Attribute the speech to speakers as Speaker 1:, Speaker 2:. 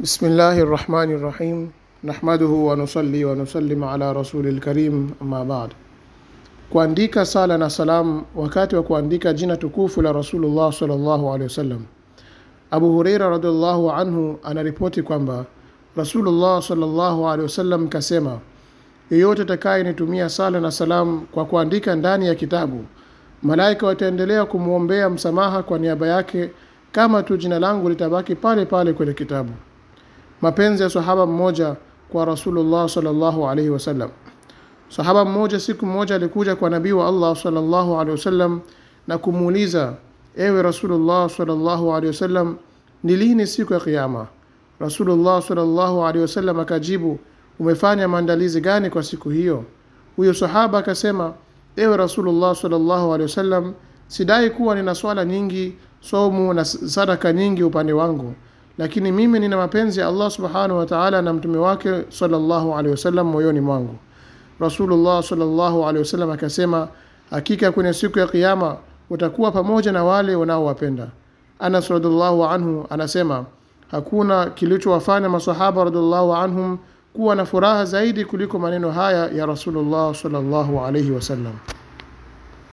Speaker 1: Bismillahi rahmani rahim nahmaduhu wanusali wanusalim wa nusallim ala rasulil karim amma baad. Kuandika sala na salam wakati wa kuandika jina tukufu la Rasulullah sallallahu alaihi wasallam. Abu hureira radhiallahu anhu anaripoti kwamba Rasulullah sallallahu alaihi wasallam kasema, yeyote atakayenitumia sala na salam kwa kuandika ndani ya kitabu, malaika wataendelea kumwombea msamaha kwa niaba yake, kama tu jina langu litabaki pale pale kwenye kitabu. Mapenzi ya sahaba mmoja kwa Rasulullah sallallahu alaihi wasallam. Sahaba mmoja siku moja alikuja kwa nabii wa Allah sallallahu alaihi wasallam na kumuuliza, ewe Rasulullah sallallahu alaihi wasallam, ni lini siku ya Kiyama? Rasulullah sallallahu alaihi wasallam akajibu, umefanya maandalizi gani kwa siku hiyo? Huyo sahaba akasema, ewe Rasulullah sallallahu alaihi wasallam, sidai kuwa nina swala nyingi, somu na sadaka nyingi upande wangu lakini mimi nina mapenzi ya Allah subhanahu wa ta'ala na mtume wake sallallahu alaihi wasallam moyoni mwangu. Rasulullah sallallahu alaihi wasallam akasema, hakika kwenye siku ya Kiyama utakuwa pamoja na wale wanaowapenda. Anas radhiallahu anhu anasema hakuna kilichowafanya masahaba radhiallahu anhum kuwa na furaha zaidi kuliko maneno haya ya Rasulullah sallallahu alaihi wasallam.